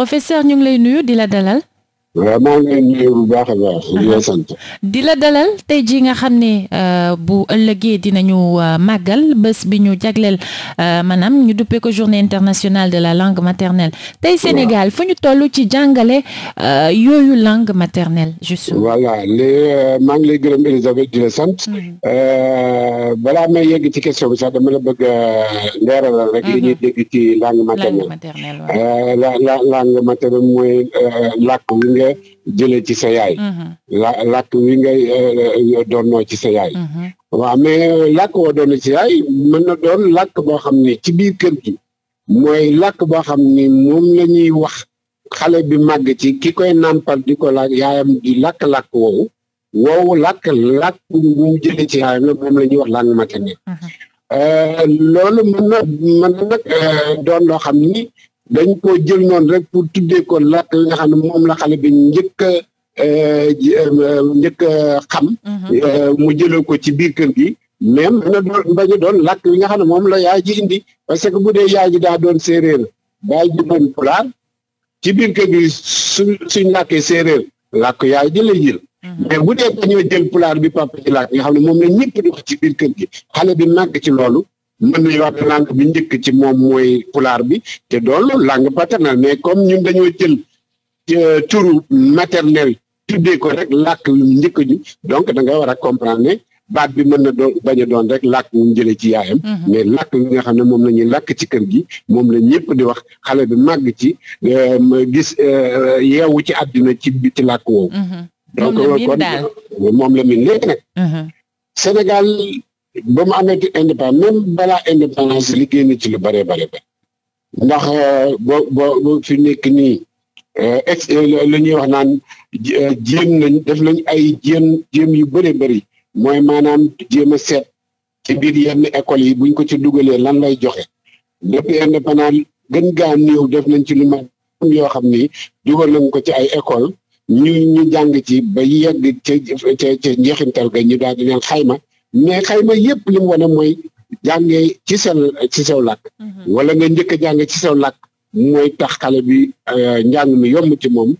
professeur ñu ngi lay nuyu di la dalal. waaw maa ngi leen baax a baax di la sant. dalal tey jii nga xam ne euh, bu ëllëgee dinañu euh, màggal bés bi ñu jagleel euh, maanaam ñu duppee ko journée internationale de la langue maternelle tey Sénégal fu ñu toll ci jàngale yooyu langue maternelle. justement voilà léegi maa ngi lay gërëm Elisabeth di la sant. Mm. ci question bi sax mm-hmm. langue maternelle langue maternelle waaw. la la langue nga jëlee ci sa yaay. Mhm. la làkk wi nga euh, doonoo ci sa yaay. Mhm. waaw mais euh, làkk woo doon ci yaay mën na doon làkk boo xam ni ci biir kër gi mooy làkk boo xam ni moom la ñuy wax xale bi màgg ci ki koy nàmpal di ko laaj yaayam di lakk làkk woowu woowu làkk làkk bu jëlee ci yaayam moom la wax langue maternelle. Mhm. Euh, loolu mën na mën na doon loo xam ni dañ ko jël noon rek pour tuddee ko làkk li nga xam ne moom la xale bi njëkk a eh, eh, njëkk a xam mhm. eh, mu jëlee ko ci biir kër gi mais mën na doon doon làkk li nga xam ne moom la yaay ji indi parce que bu dee yaay ji daa doon séeréer baay ji pulaar ci biir kër gi su suñ làkkee séeréer làkk yaay ji lay jël mhm. mais bu dee dañoo jël pulaar bi papa ci làkk nga xam ne moom la ñëpp di wax ci biir kër gi xale bi nàkk ci loolu mën nañu wax ne bi njëkk ci moom mooy pulaar bi te doolu langue paternelle mais comme ñun dañoo jël euh, turu maternel tuddee ko rek làkk njëkk ñu donc da nga war a comprendre ne baat bi mën na doon bañ doon rek làkk mu jëlee ci yaayam mm-hmm. mais làkk li nga xam ne moom la ñuy làkk ci kër gi moom la ñëpp di wax xale bi màgg ci euh, gis euh, yeewu ci àddina ci bi ci làkk woowu mm-hmm. donc kon moom la min léegi mm-hmm. Sénégal ba mu amee indépendance même balaa indépendance liggéey na ci lu bare bare bare ndax euh, bo bo fi nekk nii euh, ex euh, lu ñuy wax naan jéem nañ def nañ ay jéem jéem yu bëri bëri mooy maanaam jéem a seet ci biir yenn écoles yi buñ ko ci dugalee lan lay joxe depuis indépendance gën gaa néew def nañ ci lu ma yoo xam ni dugal nañ ko ci ay école ñu ñu jàng ci ba yegg ca ca ca njeexintal ga ñu daal di leen xayma mais xayma yëpp li mu wane mooy jàngee ci seen ci sew làkk mhm. wala nga njëkk a jàngee ci sew lakk mooy tax xale bi euh, njàng mi yomb ci moom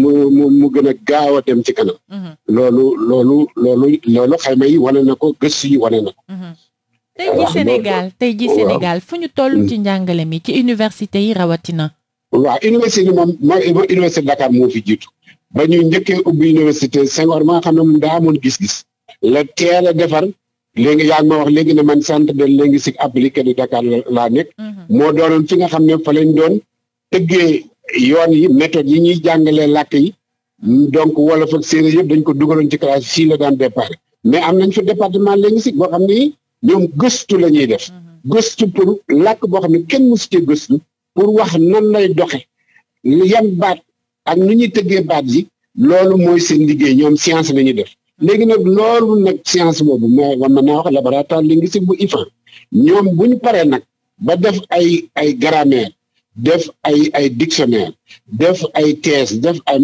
mu mu mu gën a gaaw a dem ci kanam mhm. loolu loolu loolu loolu xayma yi wane na ko gëstu yi wane na ko mhm. tey ji Sénégal tey ji Sénégal fu ñu toll ci njàngale mi ci université yi rawatina waaw université yi moom ma université Dakar moo fi jiitu ba ñuy njëkkee ubbi université Senghor ma nga xam na moom daa gis-gis la teel a defar léegi yaa ngi ma wax léegi ne man centre de linguistique appliquée de Dakar laa nekk. Mhm. moo doonoon fi nga xam ne fa lañ doon tëggee yoon yi méthode yi ñuy jàngalee làkk yi. donc wala ak séeréer yëpp dañ ko dugaloon ci classe fii la daan départ mais am nañ fi département linguistique boo xam ne ñoom gëstu la ñuy def. Mhm. gëstu pour làkk boo xam ne kenn mësu cee gëstu pour wax nan lay doxe yan baat ak nu ñuy tëggee baat yi loolu mooy seen liggéey ñoom science la ñuy def. léegi nag loolu nag science boobu mais war naa wax laboratoire si bu IFAN ñoom bu ñu paree nag ba def ay ay grammaire def ay ay dictionnaire def ay thèse def ay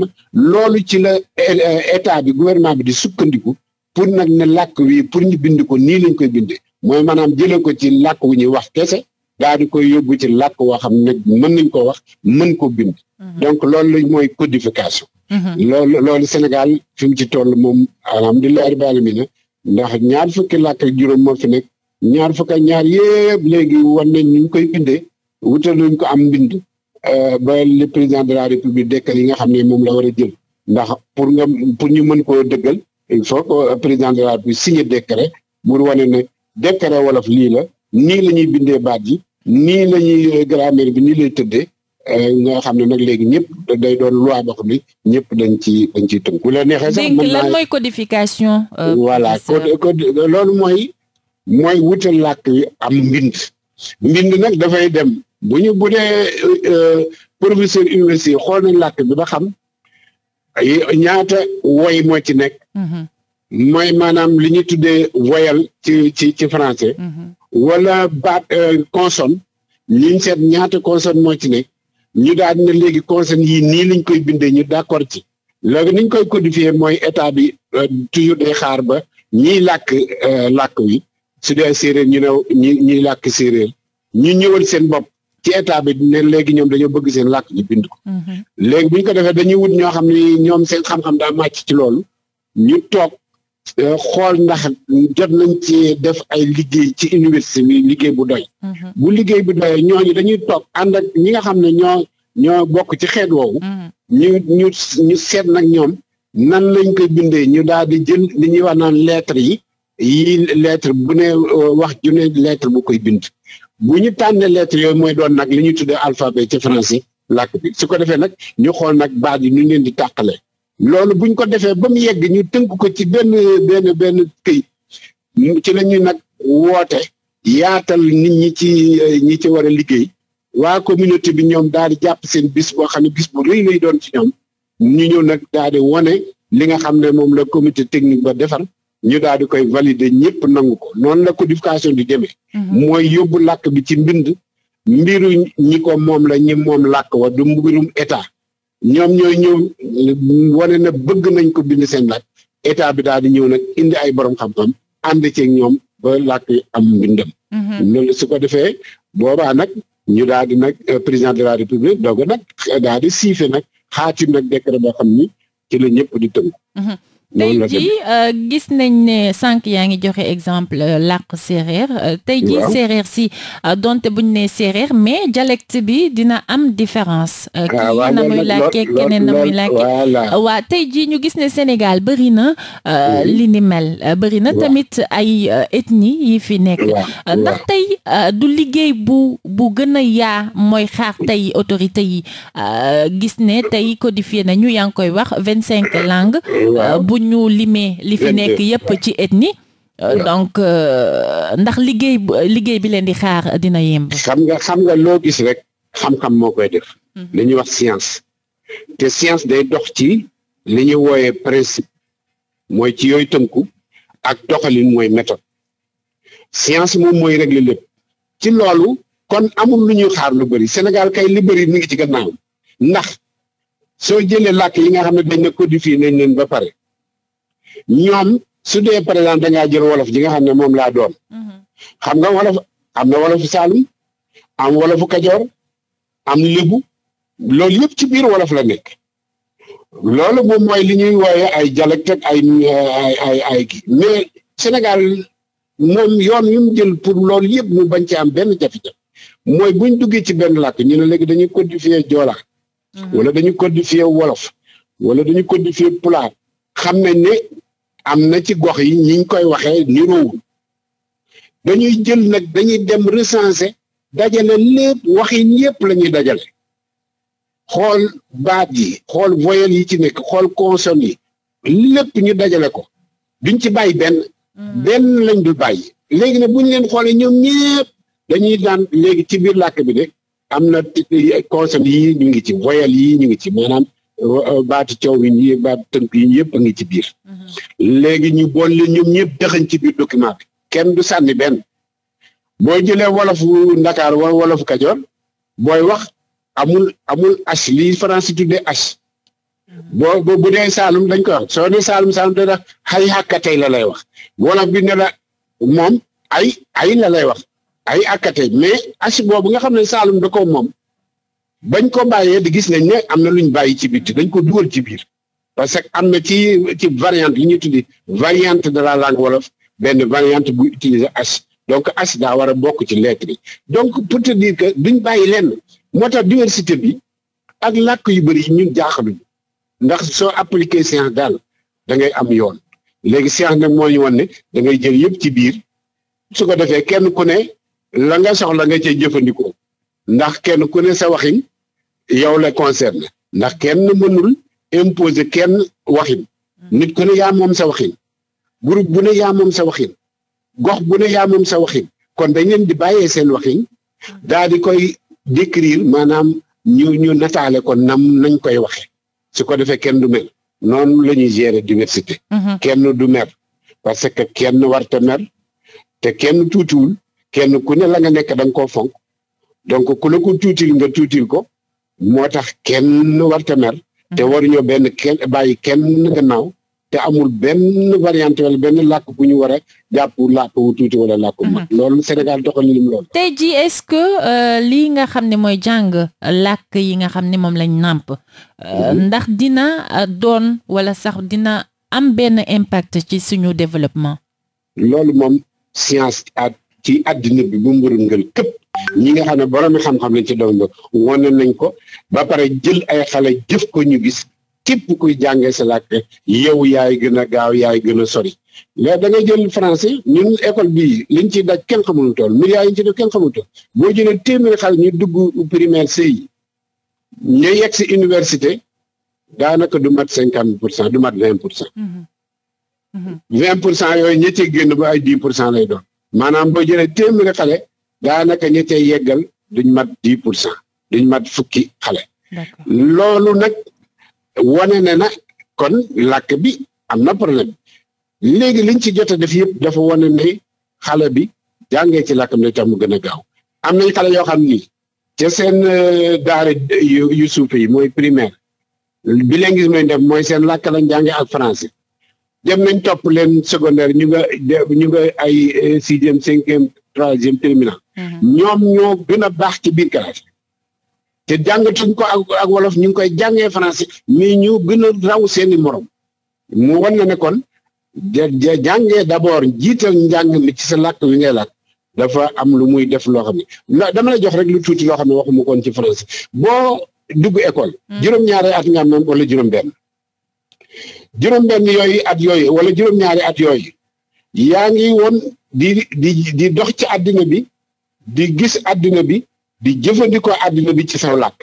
loolu ci la eh, état bi gouvernement bi di sukkandiku pour nag ne làkk wi pour ñu bind ko nii lañ koy bindee mooy maanaam jëlee ko ci làkk wu ñuy wax kese daal koy yóbbu ci làkk woo xam ne mën nañ koo wax mën koo bind. Mhm. donc loolu mooy codification. Mm-hmm. loolu loolu Sénégal fi mu ci toll moom alhamdulilah rabbil aalamiin ndax ñaar fukki lakk juróom moo fi nekk ñaar fukk ñaar yëpp léegi war nañ ñu koy bindee wutal nañ ko am mbind euh, ba le président de la république de yi nga xam ne moom la war a jël ndax pour nga pour ñu mën koo dëggal il faut président de la république signé décret pour wane ne décret wolof lii la nii la ñuy bindee baat yi ni lañuy ñuy grammaire bi nii lay tëddee Euh, nga xam ne léegi ñëpp day doon loi ñëpp dañ ci dañ ciy tënk bu la neexee sax mën lan mooy codification euh, voilà code code loolu mooy mooy wutal làkk wi am mbind mbind nag dafay dem bu ñu bu euh, professeur université xool nañ làkk bi ba xam ñaata woy moo ci nekk mm-hmm. mooy maanaam li ñuy tuddee woyal ci ci ci français mm-hmm. wala baat consonne liñ seet ñaata consonne moo ci nekk ñu daal ne léegi consignes yi nii lañ koy bindee ñu d'accord ci léegi niñ koy codifier mooy état bi euh, toujours day xaar ba ñiy làkk euh, làkk wi su dee séeréer ñu ne ñi ñiy làkk séeréer ñu ñëwal seen bopp ci état bi ne léegi ñoom dañoo bëgg seen làkk ñu bind ko mm-hmm. léegi bu ko defee dañuy wut ñoo xam ni ñoom seen xam-xam daa màcc ci loolu ñu toog Euh, xool ndax jot nañ ci def ay liggéey ci université bi liggéey bu doy. Mm-hmm. bu liggéey bi doy ñooñu dañuy toog ànd ñi nga xam ne ñoo ñoo bokk ci xeet woowu. Mm-hmm. ñu ñu ñu seet nag ñoom nan lañ koy bindee ñu daal di jël li ñuy wax naan lettres yi yii lettre bu ne euh, wax ju ne lettre bu koy bind. bu ñu tànnee lettres yooyu mooy doon nag li ñuy tuddee alphabet ci français làkk su ko defee nag ñu xool nag baat yi ñu leen di tàqale. loolu buñ ko defee ba mu yegg ñu tënk ko ci benn benn benn këy ci la ñuy nag woote yaatal nit ñi ci ñi ci war liggéey waa communauté bi ñoom daal di jàpp seen bis boo xam ne bis bu rëy lay doon ci ñoom ñu ñëw nag daal di li nga xam ne moom la comité technique ba defar ñu daal di koy valider ñëpp nangu ko noonu la codification di demee. Mhm. mooy yóbbu làkk bi ci mbind. mbiru ñi ko moom la ñi moom làkk wa du mbirum état. ñoom ñooy ñëw wane na bëgg nañ ko bind seen laaj état bi daal di ñëw nag indi ay borom xam-xam ànd ceeg ñoom ba làkk am mbindam. Mhm. loolu su ko defee boobaa nag ñu daal di nag euh, président de la république doog nag daal di siife nag xaatim nag décret boo xam ni ci la ñëpp di tënk. Mhm. tey jii euh, gis nañ ne sànq yaa ngi joxe exemple euh, làq séeréer euh, tey jii séeréer si donte buñ ne séeréer mais dialecte bi dina am différence ah, kii na muy làkkee keneen na muy làkkee waa tey jii ñu gis ne Sénégal bëri na li ni mel bëri na tamit ay ethnie yi fi nekk ndax tey du liggéey bu bu gën a yaa mooy xaar tey autorité yi gis ne tey codifié nañu yaa ngi koy wax vingt cinq langues ñu limee li fi nekk yépp ci ethnie euh, donc euh, ndax liggéey liggéey bi leen di xaar dina yemb xam nga xam nga loo gis rek xam-xam moo koy def mhm. li wax science te science day dox ci li ñu wooyee principe mooy ci yooyu tënku ak doxalin mooy méthode science moom mooy régler lépp ci loolu kon amul lu ñuy xaar lu bëri senegal kay li bari mi ngi ci gannaaw ndax soo jëlee làkk yi nga xam ne dañ na codifié nañ leen ba pare ñoom su dee par exemple da ngaa jël wolof ji nga xam ne moom laa doon mm-hmm. xam nga wolof am na wolofu Saalum am wolofu Kajoor am lébu loolu yëpp ci biir wolof la nekk loolu moom mooy li ñuy wooye ay dialecte ak ay ay ay ay kii mais Sénégal moom yoon yu mu jël pour lool yëpp mu bañ ci am benn jafe-jafe mooy buñ duggee ci benn làkk ñu ne léegi dañuy codifier Joola mm-hmm. wala dañuy codifier wolof wala pulaar xam nañ ne am na ci gox yi ñi ñu koy waxee niroowul dañuy jël nag dañuy dem recenser dajale lépp waxin yépp lañuy ñuy dajale xool baat yi xool voyelles yi ci nekk xool consonnes yi lépp ñu dajale ko duñ ci bàyyi benn hmm. benn lañ du bàyyi léegi ne bu ñu leen xoolee ñoom ñépp dañuy daan léegi ci biir làkk bi de am na consonnes yi ñu ngi ci voyelles yi ñu ngi ci maanaam Uh, baatu coow yi nii baatu yi yëpp a ngi ci biir. Mm-hmm. léegi ñu boole ñoom ñëpp dëxañ ci biir document bi kenn du sànni benn boo jëlee wolofu Ndakaar wala wolofu Kajoor booy wax amul amul h lii France tuddee h. Mm-hmm. boo bu dee Saalum dañ koy wax soo Saalum Saalum dañ wax ay àkkatey la lay wax wolof bi ne moom ay ay la lay wax ay àkkatey mais h boobu nga xam ne Saalum da ko moom. bañ ko bàyyee di gis nañ ne am na lu ñu bàyyi ci biir te dañ ko dugal ci biir parce que am na ci ci variante yi ñuy tuddee variante de la langue wolof benn variante bu utiliser as donc as daa war a bokk ci lettre yi donc pour te dire que duñ bàyyi lenn moo tax diversité bi ak làkk yu bëri yi ñun jaaxaluñu ndax soo appliqué science daal dangay am yoon léegi science nag moo ñu woon ne da ngay jël yëpp ci biir su ko defee kenn ku ne la nga soxla nga cay jëfandikoo ndax kenn ku ne sa waxin yow la concerne ndax kenn mënul imposer kenn waxin mm-hmm. nit ku ne yaa sa waxin groupe bu ne yaa moom sa waxin gox bu ne yaa moom sa waxin kon dañ leen di bàyyee seen waxin mm-hmm. daal di koy décrire maanaam ñu ñu nataale kon nam nañ koy wax su ko defee kenn du mer noonu la ñuy gérer diversité. Mm-hmm. kenn du mer parce que kenn warta mer te kenn tuutiwul kenn ku ne la nga nekk da ko koo fonk donc ku la ko tuutil nga tuutil ko moo tax kenn warta mer mm-hmm. te waruñoo benn kenn bàyyi kenn gannaaw te amul benn variante wala benn làkk bu ñu war a jàpp làkk wu tuuti wala làkk bu mag mm-hmm. loolu Sénégal doxal lim loolu tey jii est-ce que euh, lii nga xam ne mooy jàng làkk yi nga xam ni moom lañ nàmp euh, mm-hmm. ndax dina euh, doon wala sax dina am benn impact ci suñu développement loolu moom science at ci àddina bi bu mbërëngal képp ñi nga xam ne borom xam-xam lañ ci doon ba wane nañ ko ba pare jël ay xale jëf ko ñu gis képp kuy jàngee si làkk yow yaay gën a gaaw yaay gën a sori mais da ngay jël français ñun école bii liñ ci daj kenn xamul tool milliards yi ñu ci def kenn xamul tool boo ñu dugg primaire CI ñu yegg si université daanaka du mat cinquante pour cent du mat vingt pour cent. Mm-hmm. Mm-hmm. vingt pour cent yooyu ñi ci génn ba ay dix pour cent lay doon maanaam boo jëlee téeméeri xale. daanaka ñi cay yeggal duñ mat dix pour cent duñ mat fukki xale loolu nag wane ne na kon làkk bi am na problème léegi lañ ci jot a def yëpp dafa wane ne xale bi jàngee ci làkkam ne tax mu gën a gaaw am yoo xam ni ca seen euh, daara yu suufe yi mooy primaire bilinguisme mooy def mooy seen làkk lañ jàngee ak français dem nañ topp leen secondaire ñu nga ñu nga ay euh, sixième cinquième troisième terminal Mm-hmm. ñoom ñoo gën a baax ci biir classe te jàngatuñ ko ak ak wolof ñu ngi koy jàngee français mi ñu gën a raw seeni morom mu wan na ne kon jàngee d'abord jiital njàng mi ci sa lakk wi ngay làkk dafa am lu muy def loo xam ne dama la jox rek lu tuuti loo xam ne waxuma koon ci français boo dugg école mm-hmm. juróom-ñaari at nga wala juróom-benn yooyu at yooyu wala juróom-ñaari at yooyu yaa ngi woon di di dox ci addina bi di gis àddina bi di jëfandikoo àddina bi ci saw làkk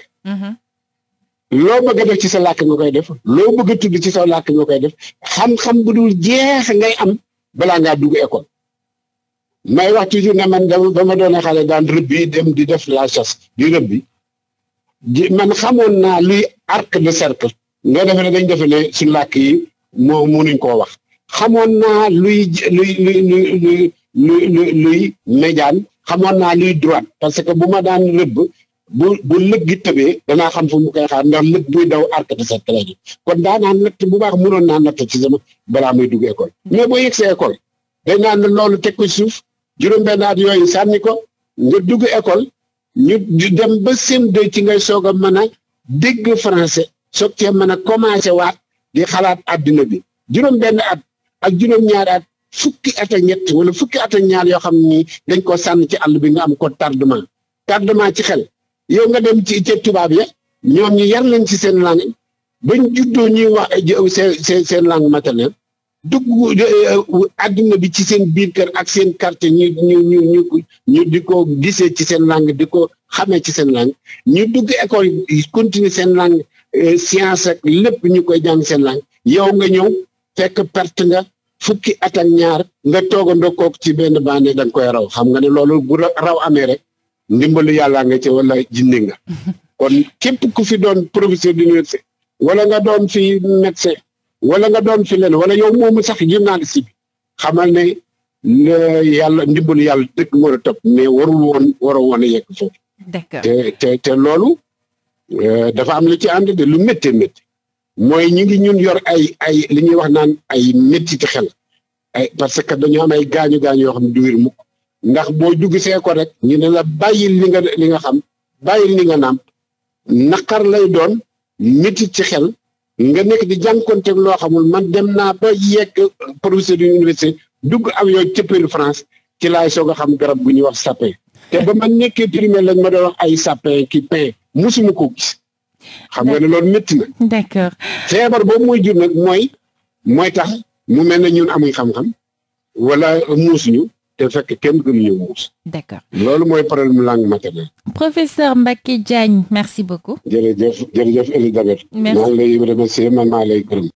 loo bëgg a def ci sa làkk nga koy def loo ci saw làkk nga koy def xam-xam bu dul jeex ngay am balaa ngaa dugg école may wax toujours ne man dama ba ma doone xale daan rëbbi dem di def la chasse di rëbbi man xamoon naa luy arc de cercle nga defe dañ defe ne suñu làkk yi moo munuñ koo wax xamoon naa luy luy luy luy luy luy xamoon naa liy droite parce que bu ma daan rëbb bu bu lëg gi tëbee danaa xam fu mu koy xaar ndax lëg buy daw arc de cercle gi kon daanaa natt bu baax noon naa natt ci sama balaa muy dugg école mais boo yegsee école day naan la loolu teg ko suuf juróom-benn at yooyu sànni ko nga dugg école ñu dem ba sem de ci ngay soog a mën a dégg français soog cee mën a commencé waat di xalaat addina bi juróom-benn at ak juróom-ñaari at fukki at ak ñett wala fukki at ñaar yoo xam ni dañ koo sànn ci àll bi nga am ko tardement tardement ci xel yow nga dem ci ci tubaab ya ñoom ñu yar leen ci seen langue bañ juddoo ñuy wax seen seen langue maternelle dugg euh, adduna bi ci seen biir kër ak seen quartier ñu ñu ñu ñu di ko gisee ci seen langue di ko xamee ci seen langue ñu dugg école continue seen langue euh, science ak lépp ñu koy jàng seen langue yow nga ñëw fekk perte nga. fukki at ñaar nga toogandoo kook ci benn bande da nga koy raw xam nga ne loolu bu raw amee rek ndimbalu yàllaa nga ci wala jinne nga kon képp ku fi doon professeur d'université wala nga doon fi médecin wala nga doon fi leen wala yow moomu sax journaliste bi xamal ne yàlla ndimbalu yàlla dëgg moo la topp mais warul woon waroo woon a yegg foofu. d'accord te loolu euh, dafa am lu ci ànd de lu méttee méttee. mooy ñu ngi ñun yor ay ay li ñuy wax naan ay métti ci xel ay parce que dañoo am ay gaañu gaañu yoo xam ne du wér mukk ndax boo dugg see ko rek ñu ne la bàyyil li nga li nga xam bàyyi li nga naam naqar lay doon métti ci xel nga nekk di jànkonteeg loo xamul man dem naa ba yegg professeur d'université dugg am yooyu cëppeelu France ci laay soog a xam garab bu ñuy wax sapin te ba ma nekkee primaire lañ ma doon wax ay sapin ki pin musuma ko gis xam nga ne loolu metti na. d'accord feebar boobu mooy jur nag mooy mooy tax mu mel ne ñun amuñ xam-xam wala muus ñu te fekk kenn gënuñu muus. d'accord loolu mooy problème langue maternelle. professeur Mbacké Diagne merci beaucoup. jërëjëf jërëjëf Elisabeth. merci maa ngi lay remercier man maa lay gërëm.